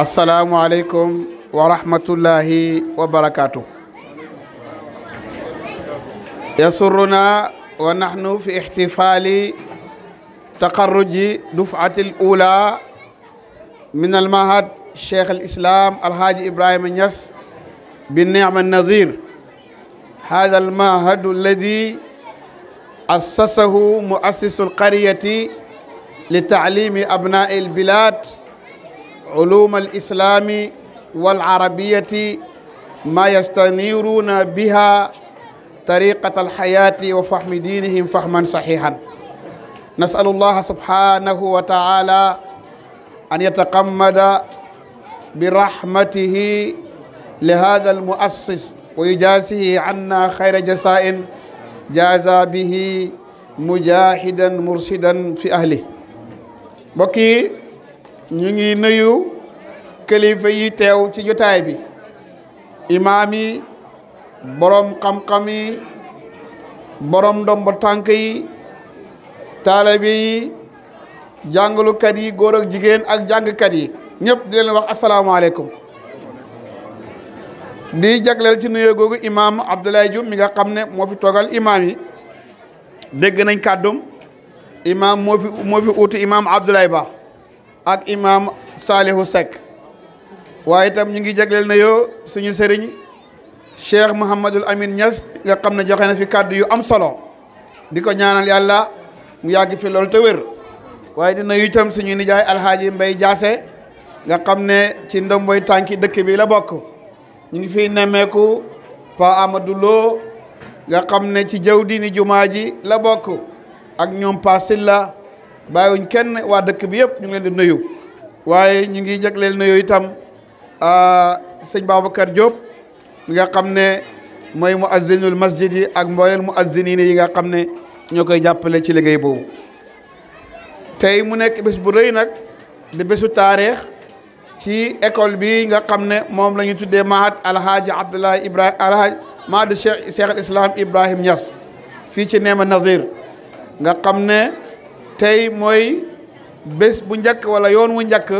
asalaamualeykum wa rahmatullahi wa barakaatu. yasuruna wa naxnu fi ixtifaali taqarruji dufaatil ula min almahad cheikh alislam alhaaji ibrahima ñas bi nicma nadir hada almahadu alladi assasahu muassisu alqariyati li taalimi abnai albilad علوم الإسلام والعربية ما يستنيرون بها طريقة الحياة وفهم دينهم فهما صحيحا نسأل الله سبحانه وتعالى أن يتقمد برحمته لهذا المؤسس ويجازه عنا خير جزاء جازى به مجاهدا مرشدا في أهله بكي ñu ngi nuyu kilifa yi teew ci jotaay bi imaam yi boroom xam-xam yi boroom ndombo tànk yi taalibe yi jàngalukat yi góor ak jigéen ak jàngkat yi ñëpp di leen wax asalaamaaleykum di jagleel ci nuyoo googu imaam Abdoulaye Diouf mi nga xam ne moo fi toogal imaam yi dégg nañ kàddum imaam moo fi moo fi uuti imaam Abdoulaye Ba. ak imaam Salihu Seck waaye itam ñu ngi jagleel na yoo suñu sëriñ Cheikh Mouhamadul Amin Niass nga xam ne joxe na fi kàddu yu am solo di ko ñaanal yàlla mu yàgg fi loolu te wér waaye dina yu itam suñu nijaay alxaaji Mbay Jaase nga xam ne ci ndomboy tànki dëkk bi la bokk ñu ngi fiy nemmeeku Pa Amadou nga xam ne ci jaww diini jumaa ji la bokk ak ñoom Pa Silla bàyyiwuñ kenn waa dëkk bi yëpp ñu ngi leen di nuyu waaye ñu ngi jagleel nuyu itam sëñ Babacar Diop mi nga xam ne mooy muazzinul masjid yi ak mbooleel muazzinin yi nga xam ne ñoo koy jàppale ci liggéey boobu tey mu nekk bés bu rëy nag di bésu taarix ci école bi nga xam ne moom la tuddee ma Alhaji Abdoulaye Ibrahima Alhaji Mahad Cheikh Cheikh al Islam Ibrahim Niass fii ci Néma Nazir nga xam ne tey mooy bés bu njëkk wala yoon wu njëkk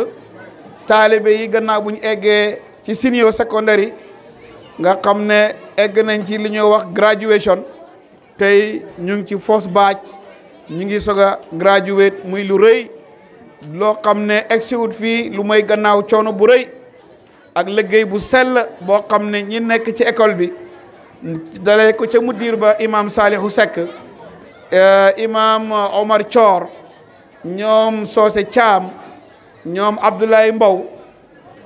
taalibe yi gannaaw bu ñu eggee ci senior secondaire yi nga xam ne egg nañ ci li ñuy wax graduation tey ñu ngi ci first baaj ñu ngi soog a graduate muy lu rëy loo xam ne egsiwut fii lu mooy gannaaw coono bu rëy ak liggéey bu sell boo xam ne ñi nekk ci école bi dalee ko ca mudir ba imam Salihu Seck Eh, imam Omar Thior ñoom Socé Thiam ñoom Abdoulaye Mbow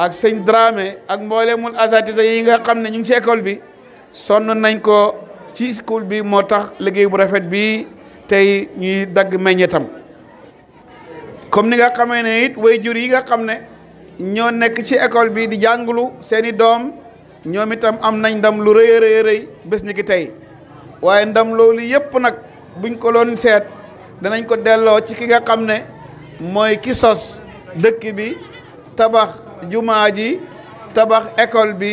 ak sëñ drame ak mboolemul asatisa yi nga xam ne ñu ngi ci école bi sonn nañ ko ci school bi moo tax liggéey bu rafet bi tey ñuy dagg meññetam comme ni nga xamee ne it way jur yi nga xam ne ñoo nekk ci école bi di jàngulu seeni doom ñoom itam am nañ ndam lu rëy a rëy rëy bés tey waaye ndam loolu yëpp nag buñ ko loon seet danañ ko delloo ci ki nga xam ne mooy ki sos dëkk bi tabax jumaa ji tabax école bi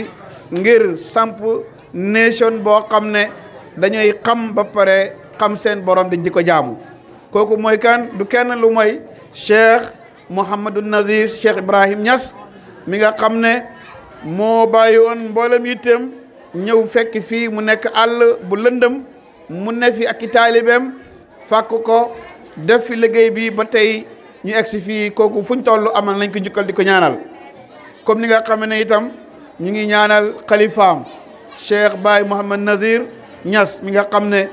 ngir samp nation boo xam ne dañuy xam ba pare xam seen borom di ko jaamu kooku mooy kan du kenn lu moy cheikh Mouhamadou Nazir cheikh Ibrahim ñas mi nga xam ne moo bàyyi woon mboolem yitteem ñëw fekk fii mu nekk àll bu lëndëm mu ne fi ak i taalibeem fàkk ko def fi liggéey bi ba tey ñu egsi fii kooku fu ñu toll amal nañ ko njukkal di ko ñaanal comme ni nga xam ne itam ñu ngi ñaanal xalifaam Cheikh Baye Mouhamad Nazir Niass mi nga xam ne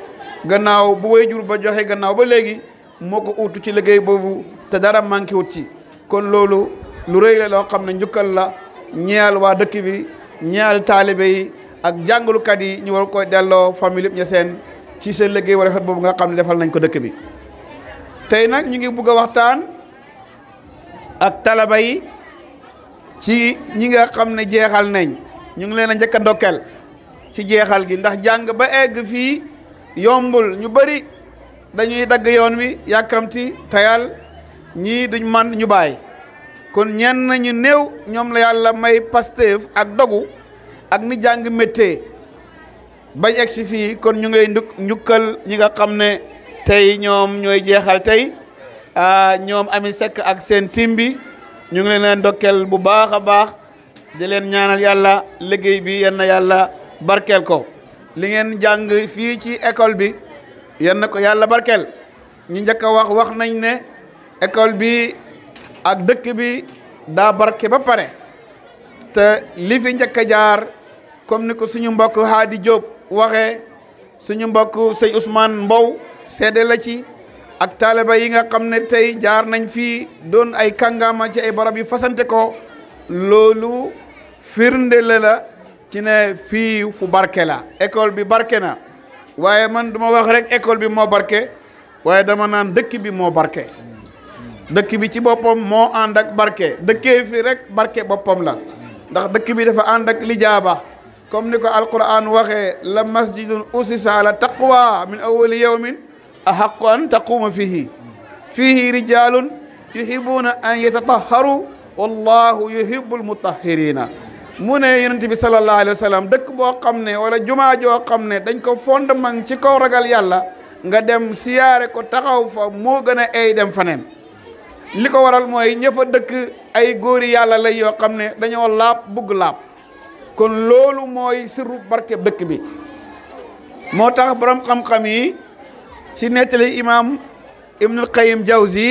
gannaaw bu wayjur ba joxe gannaaw ba léegi moo ko uutu ci liggéey boobu te dara manqué wut ci kon loolu lu rëy la loo xam ne njukkal la ñeyal waa dëkk bi ñeyal taalibe yi ak jàngalukat yi ñu war koy delloo famille yëpp ña ci seen liggéey war rafet boobu nga xam ne defal nañ ko dëkk bi tey nag ñu ngi bugg a waxtaan ak talaba yi ci ñi nga xam ne jeexal nañ ñu ngi leen a njëkk a ndokkeel ci jeexal gi ndax jàng ba egg fii yombul ñu bari dañuy dagg yoon wi yàkkamti tayal ñii duñ man ñu bàyyi kon ñenn ñu néew ñoom la yàlla may Pastef ak dogu ak ni jàng méttee bañ egg si fii kon ñu ngay nduk njukkal ñi nga xam ne tey ñoom ñooy jeexal tey ah, ñoom ami sekk ak seen tim bi ñu ngi leen leen dokkeel bu baax a baax di leen ñaanal yàlla liggéey bi yenn yàlla barkeel ko li ngeen jàng fii ci école bi yenn ko yàlla barkeel ñi njëkk a wax wax nañ ne école bi ak dëkk bi daa barke ba pare te li fi njëkk a jaar comme ni ko suñu mbokk Hadi Diop waxee suñu mbokk sëñ Ousmane Mbow seede la ci ak taaliba yi nga xam ne tey jaar nañ fii doon ay kàngaama ci ay barab yu fasante ko loolu firnde la la ci ne fii fu barke la école bi barke na waaye man duma wax rek école bi moo barke waaye dama naan dëkk bi moo barke dëkk bi ci boppam moo ànd ak barke dëkkee fi rek barke boppam la ndax dëkk bi dafa ànd ak lijaaba comme ni ko alquran waxee la masjidun usisa ala taqwa min awali yawmin ahaqu an taquuma fihi fihi rijalun yuhibbuuna an yatatahharu wallahu yuhibbul mutahhirina mu ne yonent bi sallallahu alayhi wa dëkk boo xam ne wala jumaa joo xam ne dañ ko fondement ci kaw ragal yàlla nga dem siyaare ko taxaw fa moo gën a ay dem faneen li ko waral mooy ñëfa dëkk ay góori yàlla lay yoo xam ne dañoo laab bugg laab kon loolu mooy sirru barke dëkk bi moo tax borom xam-xam yi ci nettali imaam ibnul Qayyim Jawzi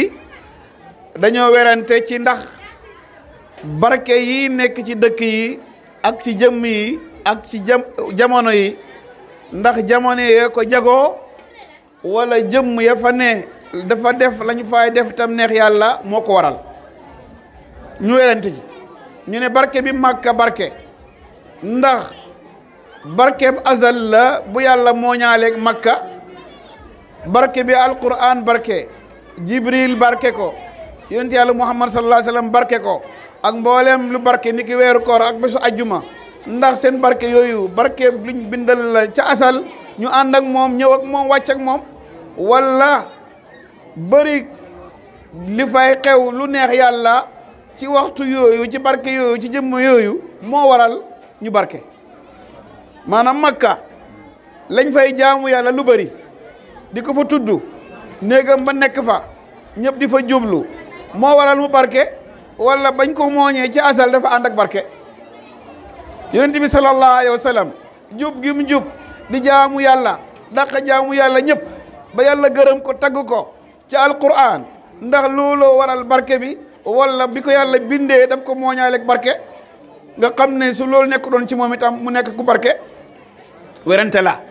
dañoo werante ci ndax barke yi nekk ci dëkk yi ak ci jëmm yi ak ci jam jamono yi ndax jamono yee ko jagoo wala jëmm ya ne dafa def lañu fay def tam neex yàlla moo ko waral ñu werante ci ñu ne barke bi màkka barke ndax barkeb asal la bu yàlla moo makka barke bi alquran barke jibril barke ko yonent yàlla muhammad sallallahu alayhi barke ko ak mbooleem lu barke niki weeru koor ak bésu ajjuma ndax seen barke yooyu barke luñ bindal la ca asal ñu àndak ak moom ñëw moom wàcc moom wala bëri li fay xew lu neex yàlla ci waxtu yooyu ci barke yooyu ci jëmm yooyu moo waral ñu barke maanaam makka lañ fay jaamu yàlla lu bari di ko fa tudd néegam ba nekk fa ñëpp di fa jublu moo waral mu barke wala bañ ko mooñee ci asal dafa ànd ak barke yonent bi sallallahu alayhi wa sallam jub gi mu jub di jaamu yàlla dàq jaamu yàlla ñëpp ba yàlla gërëm ko tagg ko ci alquran ndax looloo waral barke bi walla bi ko yàlla bindee daf ko mooñaaleeg barke nga xam ne su loolu nekk doon ci moom itam mu nekk ku barke werante la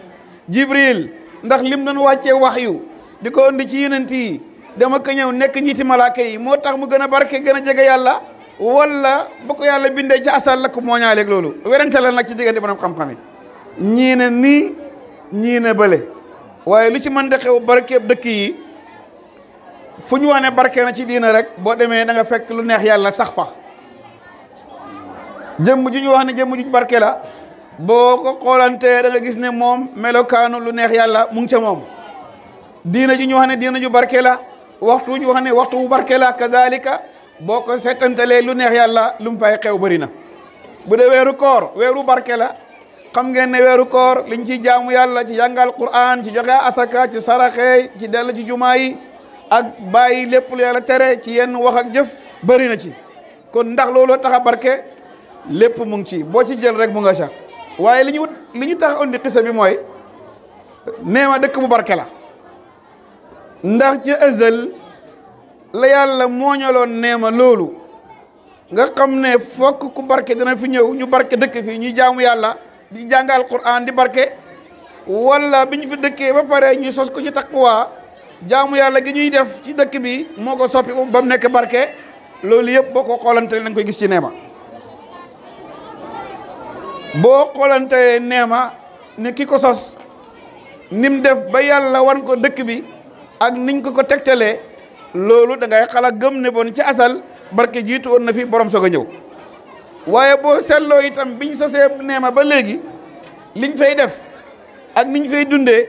jibril ndax lim doon wàccee wax yu di ko indi ci yonent yi dama ko ñëw nekk njiiti malaaka yi moo tax mu gën a barke gën a jege yàlla wala ba ko yàlla bindee ci asal la ko moo loolu werante la nag ci diggante borom xam-xam yi nii ñii ne bële waaye lu ci mën de xew barke dëkk yi fu ñu wax ne barke na ci diina rek boo demee da nga fekk lu neex yàlla sax fa jëmm ju ñu wax ne jëmm ju barke la boo ko xoolantee da gis ne moom melokaanu lu neex yàlla mu ngi ca moom diina ju ñu wax ne diina ju barke la waxtu wu ñu wax ne waxtu barke la kazalika boo ko seetantalee lu neex yàlla lu mu fay xew bëri na. bu dee weeru koor weeru barke la xam ngeen ne weeru koor liñ ci jaamu yàlla ci jàngal Qur'an ci joxe asaka ci saraxe ci dellu ci jumaa yi ak bàyyi lépp lu yàlla tere ci yenn wax ak jëf bëri na ci kon ndax looloo tax barke. lépp mu ngi ci boo ci jël rek mu nga ca waaye li ñu li ñu tax indi xisa bi mooy neema dëkk bu barke la ndax ci ëzal la yàlla moo mooñaloon neema loolu nga xam ne fokk ku barke dina fi ñëw ñu barke dëkk fii ñuy jaamu yàlla di jàngal Alquraan di barke wala bi ñu fi dëkkee ba pare ñu sos ko ci taqwa jaamu yàlla gi ñuy def ci dëkk bi moo ko soppi ba mu nekk barke loolu yëpp boo ko xoolante lañ koy gis ci neema boo xoolantee neema ne ki ko sos nim def ba yàlla wan ko dëkk bi ak niñ ko ko tegtalee loolu dangay ngay xalaat gëm ne bon ci asal barke jiitu woon na fi borom soog a ñëw waaye boo seetloo itam biñ sosee neema ba léegi liñ fay def ak niñ fay dundee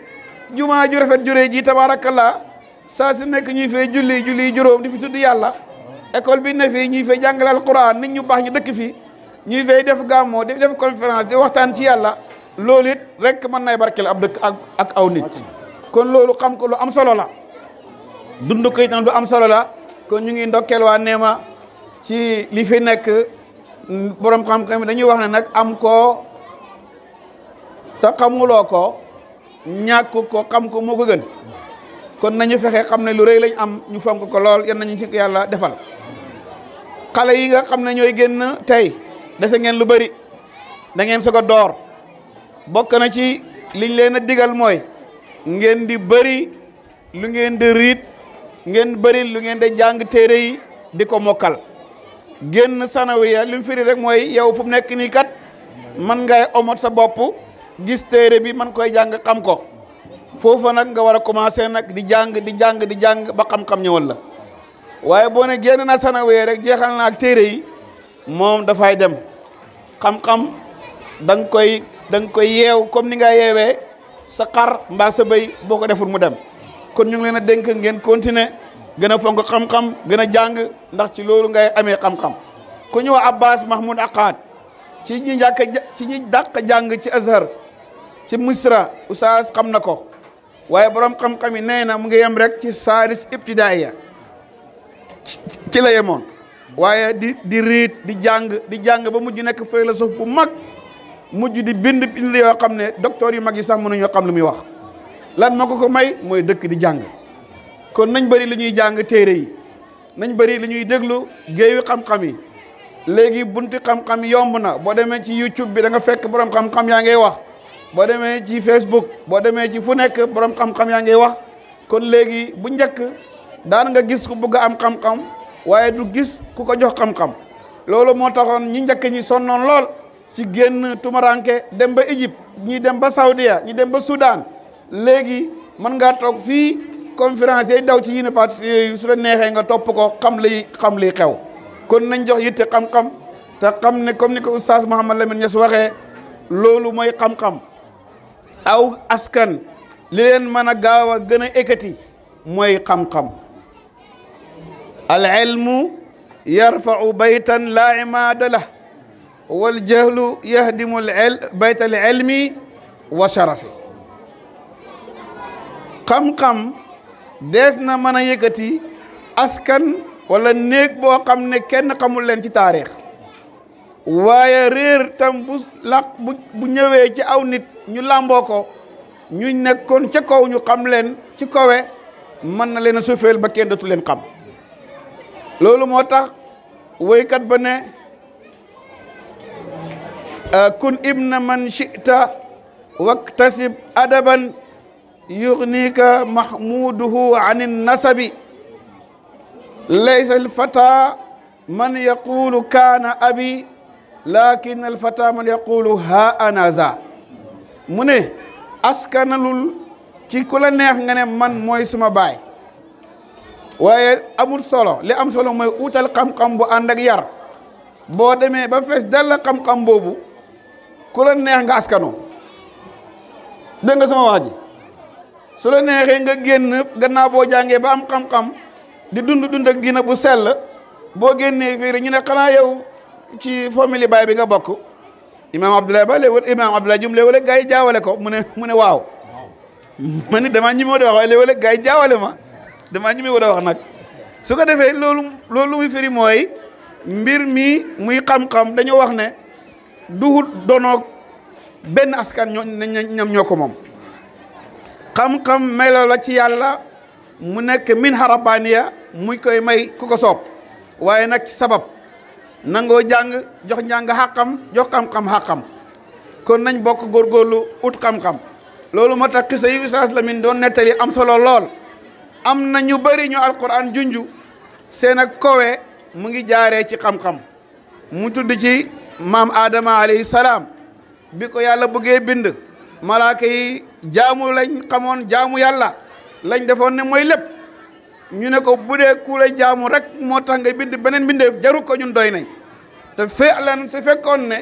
jumaa ju rafet juree ji tabaarakallaa saa su nekk ñuy fay julli julli juróom di fi tudd yàlla école bi ne fii ñuy fay jàngale alquran nit ñu baax ñu dëkk fii ñuy fay def gàmmoo di def conférence di waxtaan ci yàlla loolu it rekk mën nay barkeel ab dëkk ak ak aw nit kon loolu xam ko lu am solo la dund ko itam lu am solo la kon ñu ngi ndokkeel waa Neema ci li fi nekk borom xam dañuy wax ne nag am ko te xamuloo ko ñàkk ko xam ko moo ko gën kon nañu fexe xam ne lu rëy lañ am ñu fonk ko lool yan nañu ci yàlla defal xale yi nga xam ne ñooy génn tey dese ngeen lu bëri dangeen ngeen a door bokk na ci liñ leen a digal mooy ngeen di bëri lu ngeen di riit ngeen bëri lu ngeen di jàng téere yi di ko mokkal génn sanawiya li mu firi rek mooy yow fu mu nekk nii kat man ngay omot sa bopp gis téere bi man koy jàng xam ko foofa nag nga war a commencé nag di jàng di jàng di jàng ba xam-xam ñëwal la waaye boo ne génn na sanawiya rek jeexal na téere yi moom dafay dem xam-xam da koy da koy yeew comme ni nga yeewee sa xar mbaa sa béy boo ko deful mu dem kon ñu ngi leen a dénk ngeen continuer gën a fonk xam-xam gën a jàng ndax ci loolu ngay amee xam-xam ku ñëw Abbas Mahmoud Aqad ci ñi njàkk ci ñi dàq jàng ci Azhar ci Misra Oustaz xam na ko waaye borom xam-xam yi nee na mu ngi yem rek ci saaris ibtidaaya ci la yemoon waaye di di riit di jàng di jàng ba mujj nekk philosophe bu mag mujj di bind bind yoo xam ne docteur yu mag yi sàmm sax mënuñoo xam lu muy wax lan ma ko ko may mooy dëkk di jàng kon nañ bëri li ñuy jàng téere yi nañ bëri li ñuy déglu géeyu xam-xam yi léegi bunti xam-xam yomb na boo demee ci YouTube bi da nga fekk borom xam-xam yaa ngay wax boo demee ci Facebook boo demee ci fu nekk borom xam-xam yaa ngay wax kon léegi bu njëkk daan nga gis ku bëgg a am xam waaye du gis ku ko jox xam-xam loolu moo taxoon ñi njëkk ñi sonnoon lool ci génn tumuraanke dem ba Égypte ñi dem ba Saudia ñi dem ba Soudan léegi mën ngaa toog fii conférence yi daw ci université yooyu su la neexee nga topp ko xam li xam lii xew kon nañ jox yitte xam-xam te xam ne comme ni ko oustaz Mouhamed Lamine su waxee loolu mooy xam-xam aw askan li leen mën a gaaw a gën a ekkati mooy xam-xam al ilmu yarfau baytan laa imaada lah wal jahlu yahdimu baytal ilmi wa sharafi xam-xam dees na mën a yëkkati askan wala néeg boo xam ne kenn xamul leen ci taarix waaye réer tam bu làq bu ñëwee ci aw nit ñu làmboo ko ñu nekkoon ca kaw ñu xam leen ci kawe mën na leen a suufeel ba kenn dootu leen xam loolu moo tax woykat ba ne euh, kun ibna man chita waktasib adaban yugnika mahmuduhu an nasabi laysa alfata man yaqulu kaana abi lakin alfata man yaqulu ha ana za mu ne askanalul ci ku la neex nga ne man mooy suma baay waaye amul solo li am solo mooy utal xam-xam bu ànd ak yar boo demee ba fees dalla xam-xam boobu ku la neex nga askano dégg nga sama wax ji su la neexee nga génn gannaaw boo jàngee ba am xam-xam di dund dund ak diina bu sell boo génnee fii ñu ne xanaa yow ci famille baay bi nga bokk imaam Abdoulaye Ba léeg-léeg imaam Abdoulaye Dioum léeg-léeg gaa yi jaawale ko mu ne mu ne waaw man it damaa ñi moo di wax waaye léeg-léeg gars yi jaawale ma damaa ñu wut a wax nag su ko defee loolu loolu muy firi mooy mbir mi muy xam-xam dañoo wax ne duhut donoog benn askan ñoo ñam ñoo ko moom xam-xam melo la ci yàlla mu nekk min harabaniya muy koy may ku ko soob waaye nag ci sabab nangoo jàng jox njàng xàqam jox xam-xam xàqam kon nañ bokk góorgóorlu ut xam-xam loolu moo tax xisa yi la Lamine doon nettali am solo lool am na ñu bëri ñu alquran junju seen ak kowe mu ngi jaaree ci xam-xam mu tudd ci maam Adama alayhi bi ko yàlla bëggee bind malaaka yi jaamu lañ xamoon jaamu yàlla lañ defoon ne mooy lépp ñu ne ko bu dee ku la jaamu rek moo tax nga bind beneen bindeef jaru ko ñun doy nañ te feexlan su fekkoon ne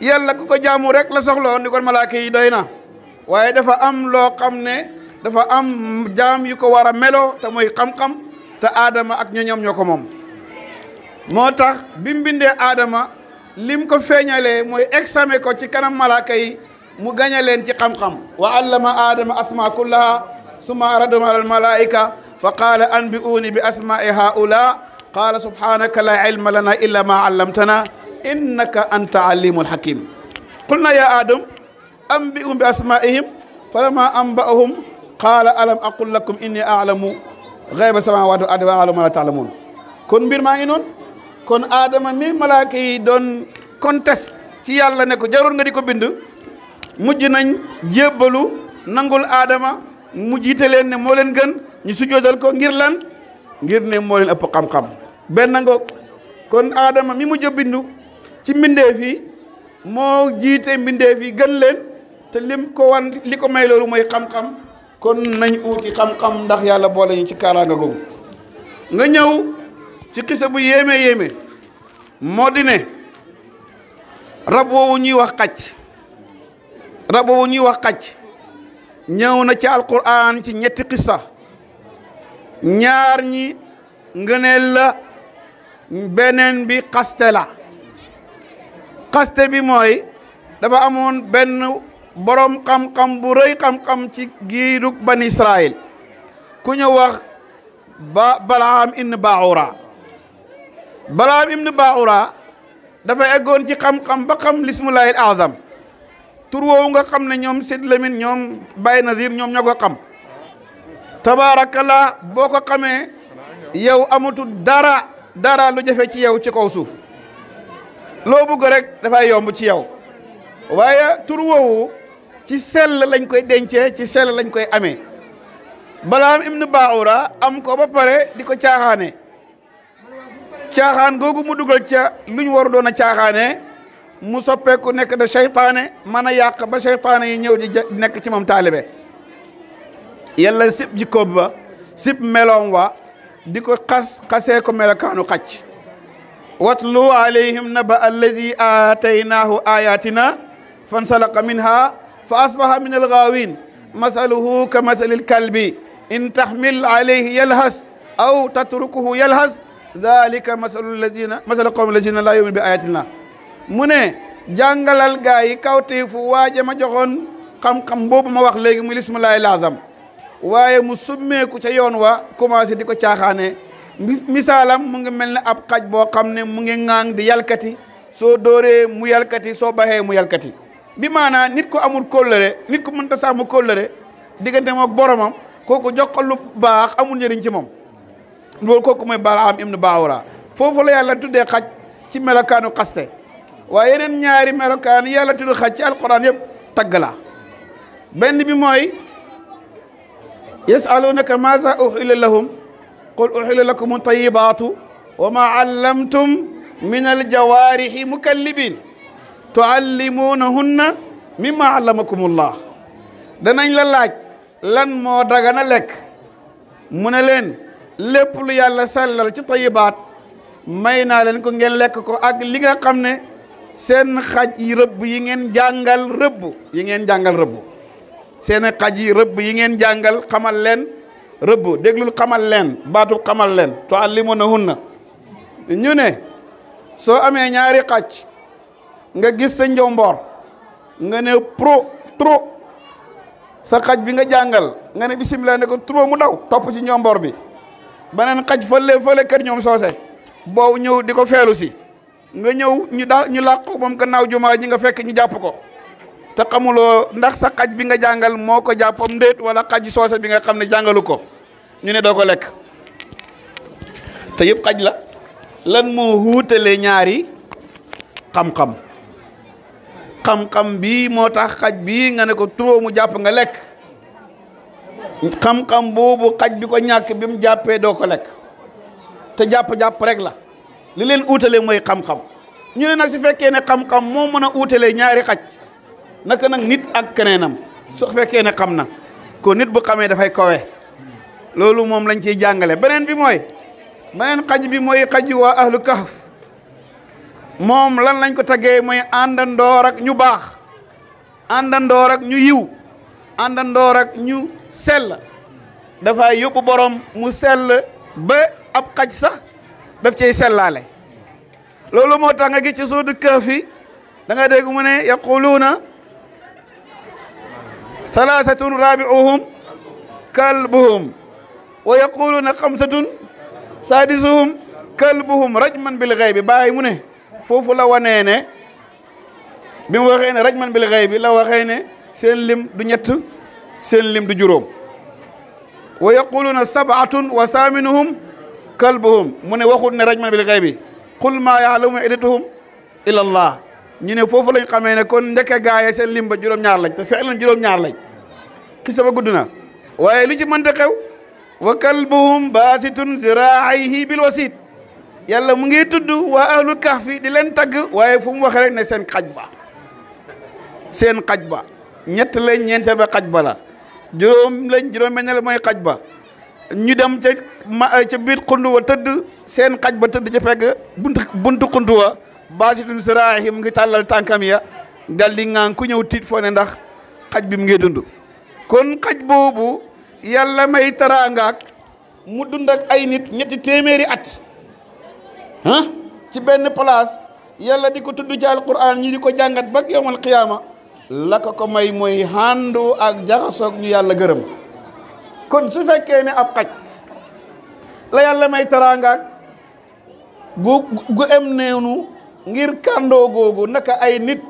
yàlla ku ko jaamu rek la soxla woon malaaka yi doy na waaye dafa am loo xam ne dafa am jaam yi ko war a meloo te mooy xam-xam te aadama ak ñoñam ñoo ko moom moo tax bi mu bindee aadama lim ko feeñale mooy exame ko ci kanam malaaka mu gaña leen ci xam-xam wa allama aadama asma kullaha summa aradahum ala almalaika fa qaala anbi'uuni bi asma'i haula qaala subhanaka la ilma lana illa ma allamtana innaka anta alimul hakim qulna ya adam anbi'um bi asma'ihim falamma anba'ahum qaala alam aqul lakum inni aalamu xayba samawati wa ardi wa aalamu ma kon mbir maa ngi noonu kon aadama mi malaaka doon conteste ci yàlla ne ko jarul nga di ko bind mujj nañ jébbalu nangul aadama mu jiite leen ne mooleen gën ñu sujjoodal ko ngir lan ngir ne moo leen ëpp xam-xam benn ngoog kon aadama mi mujj a bindu ci mbindeef yi moo jiite mbindeef yi gën leen te lim ko wan li ko may loolu mooy xam-xam kon nañ uuti xam-xam ndax yàlla boole ñu ci kaaraanga googu nga ñëw ci xisa bu yéeme yéeme moo di ne rab woowu ñuy wax xacc rab woowu ñuy wax xacc ñëw na ci alquran ci ñetti xissa ñaar ñi ngëneel la beneen bi xaste la bi mooy dafa amoon benn boroom xam-xam bu xam-xam ci giidug ban Israël ku ñu wax ba Balaam ibn Baura Balaam ibn Baura dafa eggoon ci xam-xam ba xam lismulaahil azam tur woowu nga xam ne ñoom Sid lemin ñoom Baye Nazir ñoom ñoo ko xam tabaarakallaa boo ko xamee yow amatul dara dara lu jafe ci yow ci kaw suuf loo bëgg rek dafay yomb ci yow waaye tur ci sell lañ koy dence ci sell lañ koy amee balaam ibnu baawura am ko ba pare di ko caaxaane caaxaan googu mu dugal ca luñ waru doon a caaxaane mu soppeeku nekk da seytaane mën a yàq ba seytaane yi ñëw di nekk ci moom taalibe yàlla sib jikkoom ba sib meloom wa di ko xas xasee ko melokaanu xacc watlu alayhim naba alladi aataynaahu ayatina fansalaqa minha fa asbaha min algaawin masaluhu ka masalil kalbi in taxmil alayhi yalhas aw tatrukuhu yalhas zalika masalu lazina masalu qawmi lazina laa yumin bi ayatina mu ne jàngalal gaa yi kawteefu waaje ma joxoon xam-xam boobu ma wax léegi mu lismu laay laazam waaye mu summeeku ca yoon wa commencé di ko caaxaane misaalam mu ngi mel ne ab kaj boo xam ne mu ngi ŋaang di yalkati soo dooree mu yalkati soo baxee mu yalkati bi maanaa nit ku amul kóllëre nit ku mënta sàmm kóllëre diggante moom ak boromam kooku jox ko lu baax amul njëriñ ci moom loolu kooku mooy Balaam ibnu Baawura foofu la yàlla tuddee xaj ci melokaanu xaste waaye yeneen ñaari melokaan yàlla tudd xaj ci alquran yëpp tagg la benn bi mooy yasalunaka maza uhilla lahum qul uhilla lakum tayibaatu wa ma allamtum min aljawaarihi mukallibin na tuallimuunahunna mimma allamakumullah danañ la laaj lan moo dagana lekk mu ne leen lépp lu yàlla sàllal ci tayibaat may naa leen ko ngeen lekk ko ak li nga xam ne seen xaj yi rëbb yi ngeen jàngal rëbb yi ngeen jàngal rëbb seen xaj yi rëbb yi ngeen jàngal xamal leen rëbb déglul xamal leen baatul xamal leen tuallimuunahunna ñu ne soo amee ñaari xaj nga gis sa njow mboor nga ne pro trop sa xaj bi nga jàngal nga ne bisimilah ne ko trop mu daw topp ci njomboor mboor bi beneen xaj fële fële kër ñoom soose boobu ñëw di ko feelu si nga ñëw ñu daa ñu làq ko moom gannaaw jumaa ji nga fekk ñu jàpp ko te xamuloo ndax sa xaj bi nga jàngal moo ko jàppam ndéet wala xaj soose bi nga xam ne jàngalu ko ñu ne doo ko lekk te yëpp xaj la lan moo wuutalee ñaari xam-xam xam-xam bii moo tax xaj bii nga ne ko trop mu jàpp nga lekk xam-xam boobu xaj bi ko ñàkk bi mu jàppee doo ko lekk te jàpp-jàpp rek la li leen uutale mooy xam-xam ñu ne nag su fekkee ne xam-xam moo mën a uutalee ñaari xaj naka nag nit ak keneenam su fekkee ne xam na ko nit bu xamee dafay kawe loolu moom lañ ciy jàngale beneen bi mooy beneen xaj bi mooy xaju waa ahlu kahf moom lan lañ ko taggee mooy àndandoor ak ñu baax àndandoor ak ñu yiw àndandoor ak ñu sel dafa yóbbu borom mu sell ba ab xaj sax daf cay sellaale loolu moo tax nga gis ci suudu Kahf da nga dégg mu ne yaquluuna salaasatun raabi'uhum kalbuhum wa yaquluuna xamsatun saadisuhum kalbuhum rajman bil bi bàyyi mu ne foofu la wanee ne bi mu waxee ne rajman bil xëy bi la waxee ne seen lim du ñett seen lim du juróom wa yaquluuna sabatun wa saaminuhum kalbuhum mu ne waxut ne rajman bil xëy bi qul maa yaalamu iddatuhum illa allah ñu ne foofu lañ xamee ne kon njëkke gaayee seen lim ba juróom-ñaar lañ te fexlan juróom-ñaar lañ xisa ba gudd na waaye lu ci mënta wa kalbuhum baasitun ziraaihi bil wasit yàlla mu ngi tudd waa ahlul kahfi di leen tagg waaye fu mu waxee rek ne seen xaj ba seen xaj ba ñett lañ ñeente ba xaj ba la juróom lañ juróom benn mooy xaj ba ñu dem ca ma ca biir xundu wa tëdd seen xaj ba tëdd ca pegg bunt buntu xundu wa baasitun siraahi mu ngi tàllal tànkam ya dal di ku ñëw tiit foo ne ndax xaj bi mu ngi dund kon xaj boobu yàlla may taraangaak mu dund ak ay nit ñetti téeméeri at ah ci benn place yàlla di ko tudd ci alquran ñi di ko jàngat ba yowmal qiyaama la ko ko may mooy handu ak jaxasoog ñu yàlla gërëm kon su fekkee ne ab xaj la yàlla may taraangaak gu gu em neenu ngir kàndoo googu naka ay nit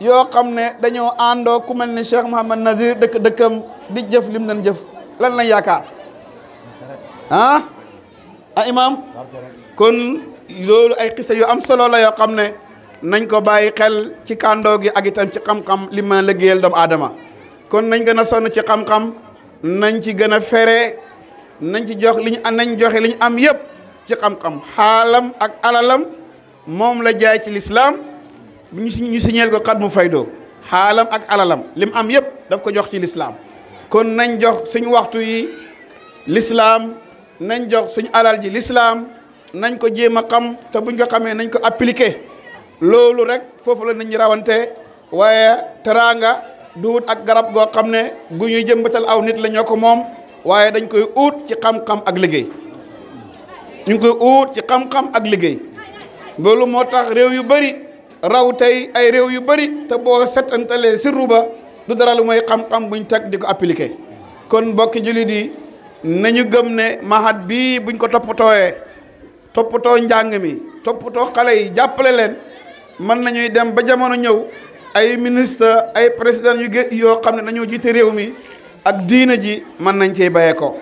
yoo xam ne dañoo àndoo ku mel ni Cheikh Mouhamad Nazir dëkk dëkkam di jëf lim nañ jëf lan lañ yaakaar ah ah imaam kon loolu ay xisa yu am solo la yoo xam ne nañ ko bàyyi xel ci kàndoo gi ak itam ci xam-xam li ma liggéeyal doomu aadama kon nañ gën a sonn ci xam-xam nañ ci gën a fere nañ ci jox liñ nañ joxe liñ am yëpp ci xam-xam xaalam ak alalam moom la jaay ci lislaam ñu si ñu siñeel ko xat mu faydoo xaalam ak alalam lim am yëpp daf ko jox ci lislaam kon nañ jox suñ waxtu yi lislaam nañ jox suñu alal ji lislaam nañ ko jéem a xam te buñ ko xamee nañ ko appliquer loolu rek foofu la nit rawante waaye teraanga du wut ak garab goo xam ne gu ñuy jëmbatal aw nit la ñoo ko moom waaye dañ koy uut ci xam-xam ak liggéey ñu ngi koy uut ci xam ak liggéey loolu moo tax réew yu bëri raw tey ay réew yu bëri te boo setantalee sirru ba du dara lu mooy xam-xam buñ teg di ko appliquer kon mbokki jullit yi nañu gëm ne mahad bii buñ ko toppatooyee toppatoo njàng mi toppatoo xale yi jàppale leen mën nañuy dem ba jamono ñëw ay ministre ay président yu gé yoo xam ne dañoo jiite réew mi ak diina ji mën nañ cee bayee ko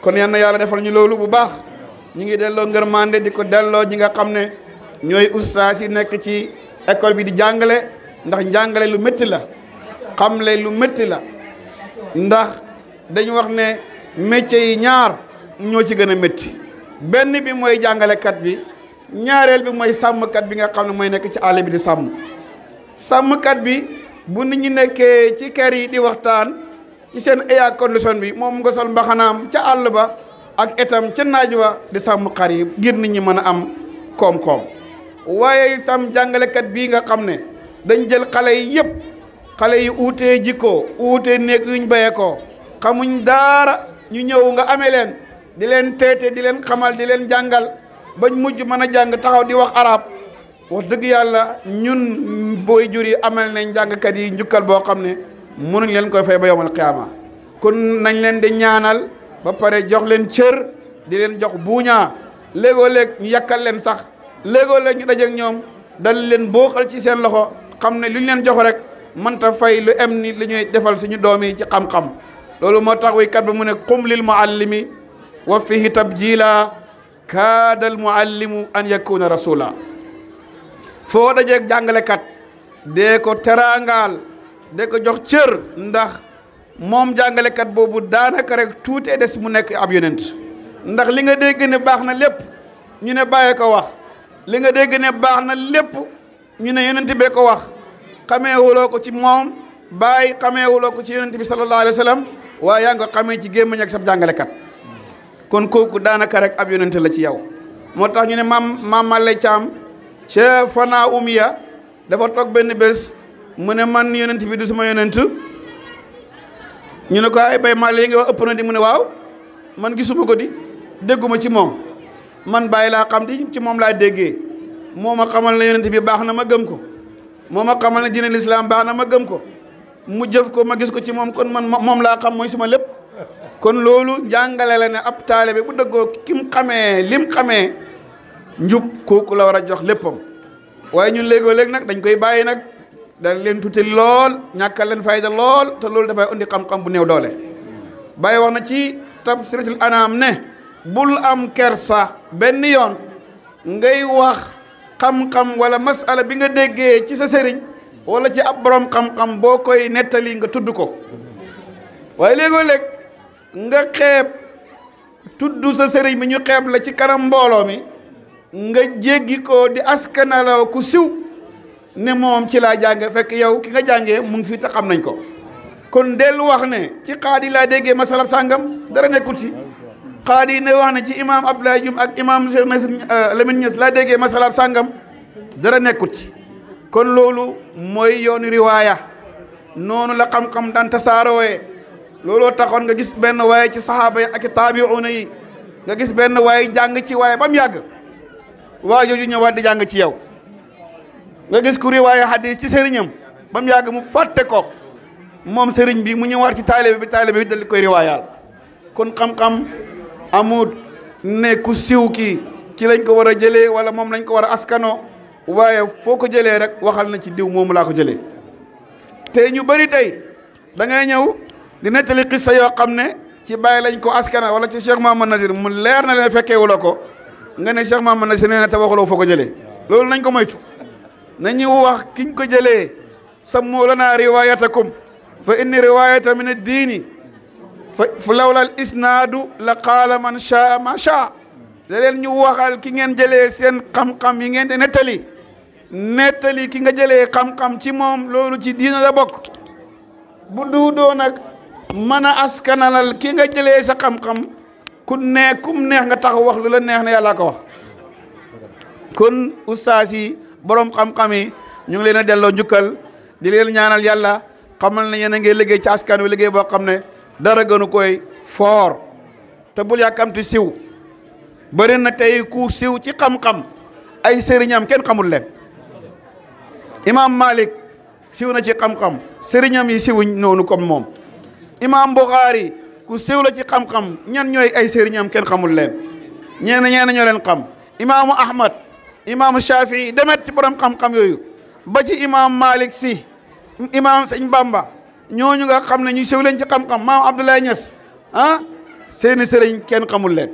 kon yal na yàlla defal ñu loolu bu baax ñu ngi delloo ngërmande di ko delloo ji nga xam ne ñooy ustaas yi nekk ci école bi di jàngale ndax njàngale lu métti la xam xamle lu métti la ndax dañu wax ne métier yi ñaar ñoo ci gën a métti benn bi mooy jàngalekat bi ñaareel bi mooy sàmmkat bi nga xam ne mooy nekk ci àll bi di sàmm sàmmkat bi bu nit ñi nekkee ci ker yi di waxtaan ci seen air condition bi moom nga sol mbaxanaam ca àll ba ak itam ca naaj wa di sàmm xar yi ngir nit ñi mën a am koom-koom waaye itam jàngalekat bi nga xam ne dañ jël xale yi yëpp xale yi uutee jikkoo uute néeg yuñ béyee ko xamuñ daara ñu ñëw nga amee leen. di leen teete di leen xamal di leen jàngal bañ mujj mën a jàng taxaw di wax araab wax dëgg yàlla ñun booy jur yi amal nañ jàngkat yi njukkal boo xam ne mënuñ leen koy fay ba yomal xiyaama kon nañ leen de ñaanal ba pare jox leen cër di leen jox buuñaa léegoo léeg ñu yàkkal leen sax léegoo léeg ñu dajeek ñoom dal leen booxal ci seen loxo xam ne lu ñu leen jox rek mënta fay lu em ni li defal suñu doom yi ci xam-xam loolu moo tax waykat ba mu ne waa wa fihi tabjila kaada al muallimu an yakuna rasula foo dajeeg jàngalekat dee ko teraangaal dee ko jox cër ndax moom jàngalekat boobu daanaka rek tuutee des mu nekk ab yonent ndax li nga dégg ne baax na lépp ñu ne bàyyee ko wax li nga dégg ne baax na lépp ñu ne yonent bee ko wax xameewuloo ko ci moom bàyyi xameewuloo ko ci yonent bi sallallahu alayhi wa sallam yaa ngi ko xamee ci gémmiñ ak sab jàngalekat kon kooku daanaka rek ab yonente la ci yow moo tax ñu ne maam maam ma Malay Caam ca Fana Umiya dafa toog benn bés mu ne man yonent bi du sama yonent ñu ne ko ay bay Malay yi nga wax ëpp na di mu ne waaw man gisuma ko di dégguma ci moom man bàyyi laa xam di ci moom laa déggee moo ma xamal ne yonent bi baax na ma gëm ko moo ma xamal ne dina lislaam ma gëm ko mu jëf ko ma gis ko ci moom kon man moom laa xam mooy suma lépp kon loolu njàngale la ne ab taalibe bu dëggoo kim xamee lim xamee njub kooku la war a jox léppam waaye ñun léegoo léeg nag dañ koy bàyyi nag dañ leen tuuti lool ñàkkal leen fayda lool te loolu dafay indi xam-xam bu néew doole bàyyi wax na ci tafsiratul anaam ne bul am kersa benn yoon ngay wax xam-xam wala masala bi nga déggee ci sa sëriñ wala ci ab borom xam-xam boo koy nettali nga tudd ko waaye léegoo léeg nga xeeb tudd sa sëriñ bi ñu xeeb la ci kanam mbooloo mi nga jéggi ko di askanalaw ku siw ne moom ci laa jànge fekk yow ki nga jàngee mu ngi te xam nañ ko kon dellu wax ne ci xaadi laa déggee masalab sàngam dara nekkul si xaadi ne wax ne ci imam Abdoulaye Dioum ak imam Cheikh euh, Lamine Niass laa déggee masalab sàngam dara nekkul ci kon loolu mooy yoonu riwaaya noonu la xam-xam daan tasaarowee looloo taxoon nga gis benn waaye ci saxaaba yi ak i taabiuuna yi nga gis benn waaye jàng ci waaye ba mu yàgg waa jooju ñëwaat di jàng ci yow nga gis ku riwaaye xadis ci sëriñam ba mu yàgg mu fàtte ko moom sëriñ bi mu ñëwaat ci taalibe bi taalibe bi dal koy riwaayaal kon xam-xam amut ne ku siw kii ci lañ ko war a jëlee wala moom lañ ko war a askano waaye foo ko jëlee rek waxal na ci diw moomu laa ko jële te ñu bari tey dangay ngay ñëw di nettali xissa yoo xam ne ci baay lañ ko askana wala ci Cheikh Mahamad Nazir mu leer na leen fekkee wala ko nga ne Cheikh Mahamad Nazir nee na te waxuloo foo ko loolu nañ ko moytu nañu wax kiñ ko jëlee sammu lana riwayatakum fa inni riwayata min ad-diini fa lawla al isnaadu la qaala man shaa ma shaa da leen ñu waxal ki ngeen jëlee seen xam-xam yi ngeen di nettali nettali ki nga jëlee xam-xam ci moom loolu ci diina la bokk bu duudoo mana a askanalal kii nga jëlee sa xam-xam ku ne kum neex nga taxaw wax lu la neex na yàlla ko wax kon ustaas yi boroom xam-xam yi ñu ngi leen delloo njukkal di leen ñaanal yàlla xamal na yéen a ngi liggéey ci askan wi liggéey boo xam ne dara gënu koy foor te bul yàkkamti siw bëri na tey ku siw ci xam-xam ay sëriñam kenn xamul leen Imam Malik siw na ci xam-xam sëriñam yi siwuñ noonu comme moom imaam Buxaari ku siiw la ci xam-xam ñan ñooy ay sëriñam kenn xamul leen ñeen ñeen ñoo leen xam imaamu Ahmad imaamu Shafii demet ci borom xam-xam yooyu ba ci imaam Malik si imaam Sëñ Bamba ñooñu nga xam ne ñu siiw ci xam-xam ah, seeni sëriñ kenn xamul leen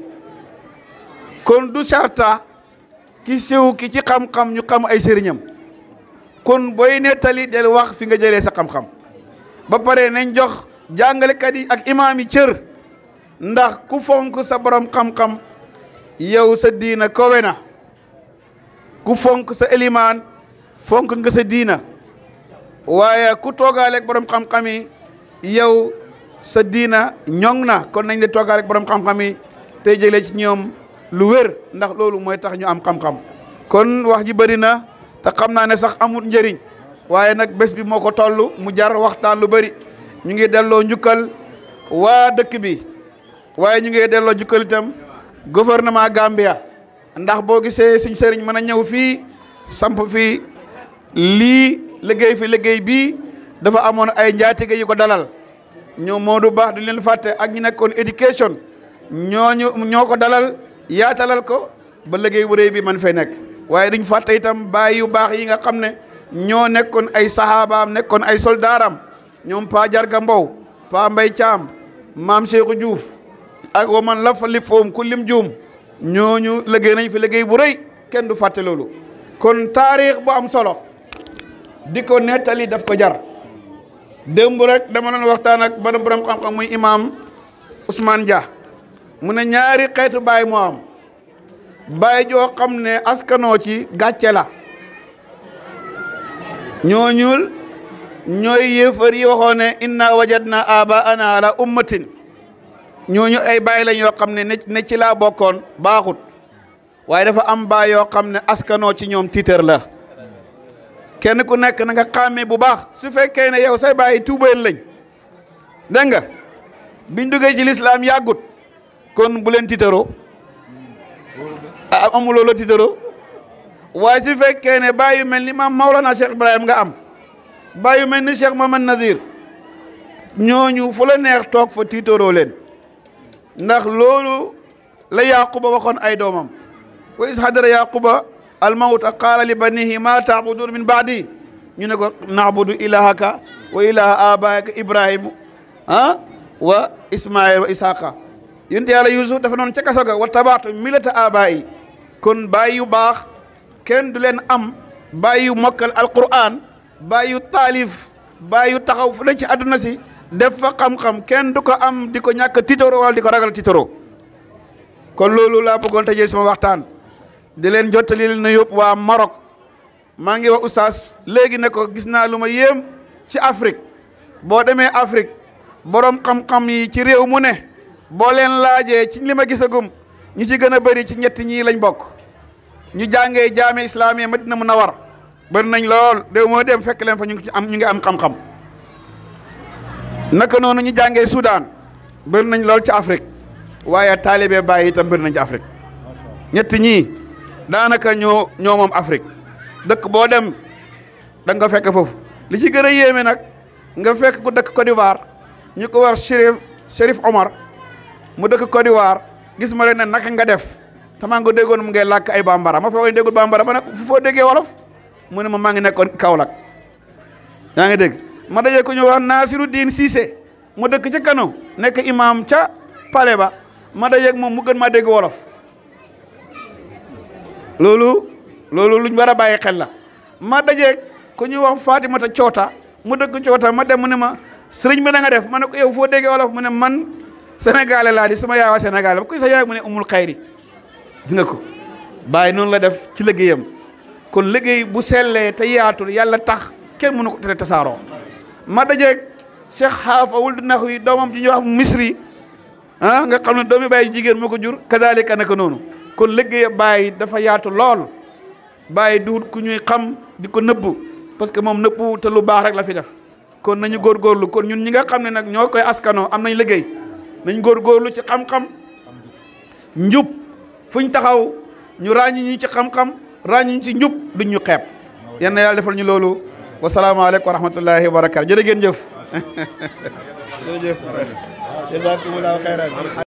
kon du sarta ki sew ki ci xam-xam ñu xam ay sëriñam kon booy nettali del wax fi nga jëlee sa xam-xam ba pare nañ jox jàngalekat yi ak imaam yi cër ndax ku fonk sa borom xam-xam yow sa diina kowe na ku fonk sa elimaan fonk nga sa diina waaye ku toogaaleeg borom xam-xam yi yow sa diina ñoŋ na kon nañ la toogaaleeg borom xam-xam yi tey jëlee ñoom lu wér ndax loolu mooy tax ñu am xam-xam kon wax ji bëri na te xam naa ne sax amul njëriñ waaye nag bés bi moo ko toll mu jar waxtaan lu bari ñu ngi delloo njukkal waa dëkk bi waaye ñu ngi delloo njukkal itam gouvernement Gambia ndax boo gisee suñ sëriñ mën a ñëw fii samp fii lii léggéey fi liggéey bi dafa amoon ay njaatige yu ko dalal ñoo moo du baax du leen fàtte ak ñi nekkoon éducation ñooñu ñoo ko dalal yaatalal ko ba liggéey bu rëy bi man fee nekk waaye duñ fàtte itam baay yu baax yi nga xam ne ñoo nekkoon ay saxaabaam nekkoon ay soldaaram ñoom pa jarga mbow pa mbay caam maam Cheikhou Diouf ak waman la fa li ku lim juum ñooñu liggéey nañ fi liggéey bu rëy kenn du fàtte loolu kon taarix bu am solo di ko nettali daf ko jar démb rek dama doon waxtaan ak benn borom xam-xam muy imaam Ousmane Dia mu ne ñaari xeetu baay moo am baay joo xam ne askanoo ci gàcce la ñooñul ñooy yéefar yi waxoon ne inna wajadna abaana ala ummatin ñooñu ay baay lañ yoo xam ne ne ci laa bokkoon baaxut waaye dafa am baay yoo xam ne askanoo ci ñoom tiitër la kenn ku nekk na nga xàmmee bu baax su fekkee ne yow say baay tuubeel lañ dégg nga biñ duggee ci lislaam yàggut kon bu leen tiitëroo amuloo la tiitëroo waaye su fekkee ne baay yu mel ni maam Mawlana Cheikh Ibrahim nga am bàyyi mel ni Cheikh Mamad Nazir ñooñu fu la neex toog fa tiitaroo leen ndax loolu la yaquba waxoon ay doomam wa is hadara yaquba almawt qaala li banihi ma taabudun min baadi ñu ne ko naabudu ilahaka wa ilaha abaaka ibrahima ah wa ismail wa ishaqa yonent yàlla yusuf dafa noonu ca kaso ga wa tabaatu milata abaayi kon bàyyi baax kenn du leen am bàyyi yu mokkal alquran bàyyu taalif bàyyu taxaw fu ne ci àdduna si def fa xam-xam kenn du ko am di ko ñàkk titoro wala di ko ragal titoro kon loolu laa bëggoon tëjee sama waxtaan di leen jottali leen nuyoo waa Maroc maa ngi wax oustaz léegi ne ko gis naa lu ma yéem ci Afrique boo demee Afrique borom xam-xam yi ci réew mu ne boo leen laajee ci li ma gisagum ñu ci gën a bëri ci ñetti ñi lañ bokk ñu jàngee jaame islaamiyya a Munawwara bari nañ lool de moo dem fekk leen fa ñu ngi am ñu ngi am xam-xam naka noonu ñu jàngee Soudan bari nañ lool ci Afrique waaye taalibe Baay itam bari nañ ci Afrique ñett ñi daanaka ñoo ñoo Afrique dëkk boo dem da nga fekk foofu li ci gën a yéeme nag nga fekk ku dëkk Côte d'Ivoire ñu ko wax Chérif Chérif Omar mu dëkk Côte d'Ivoire gis ma leen ne naka nga def tamaa nga déggoon mu ngay làkk ay bambara ma foo koy déggul bambara ma ne foo déggee wolof. mu ne ma maa ngi nekkoon Kaolack yaa ngi dégg ma dajee ko ñu wax Naasiru Diin Cissé mu dëkk ca Kano nekk imam ca pale ba ma dajeeg moom mu gën ma dégg wolof loolu loolu luñ war a bàyyi xel la ma dajeeg ku ñuy wax Fatimata Coota mu dëkk Coota ma dem mu ne ma sëriñ bi na nga def ma ne ko yow foo déggee wolof mu ne man sénégalais laa di suma yaay waa sénégalais ba kuy sa yaay mu ne umul xayri gis nga ko bàyyi noonu la def ci liggéeyam kon liggéey bu sellee te yaatul yàlla tax kenn mënu ko tere tasaaroo ma dajeeg Cheikh Xaafa wul du nax wi doomam ji ñuy wax misri ah nga xam ne doomi bàyyi jigéen moo ko jur kazalika naka noonu kon liggéey bàyyi dafa yaatu lool bàyyi duut ku ñuy xam di ko nëbbu parce que moom nëbbu te lu baax rek la fi def kon nañu góor góorgóorlu kon ñun ñi nga xam ne nag ñoo koy askanoo am nañ liggéey nañ góorgóorlu ci xam-xam njub fuñ taxaw ñu ràññi ñu ci xam-xam ràññuñ ci njub duñ ñu xeeb yenn yàlla defal ñu loolu wasalaamaaleykum wa rahmatullahi wa barakatu jërë ngeen jëf jërëjëf jazakumullahu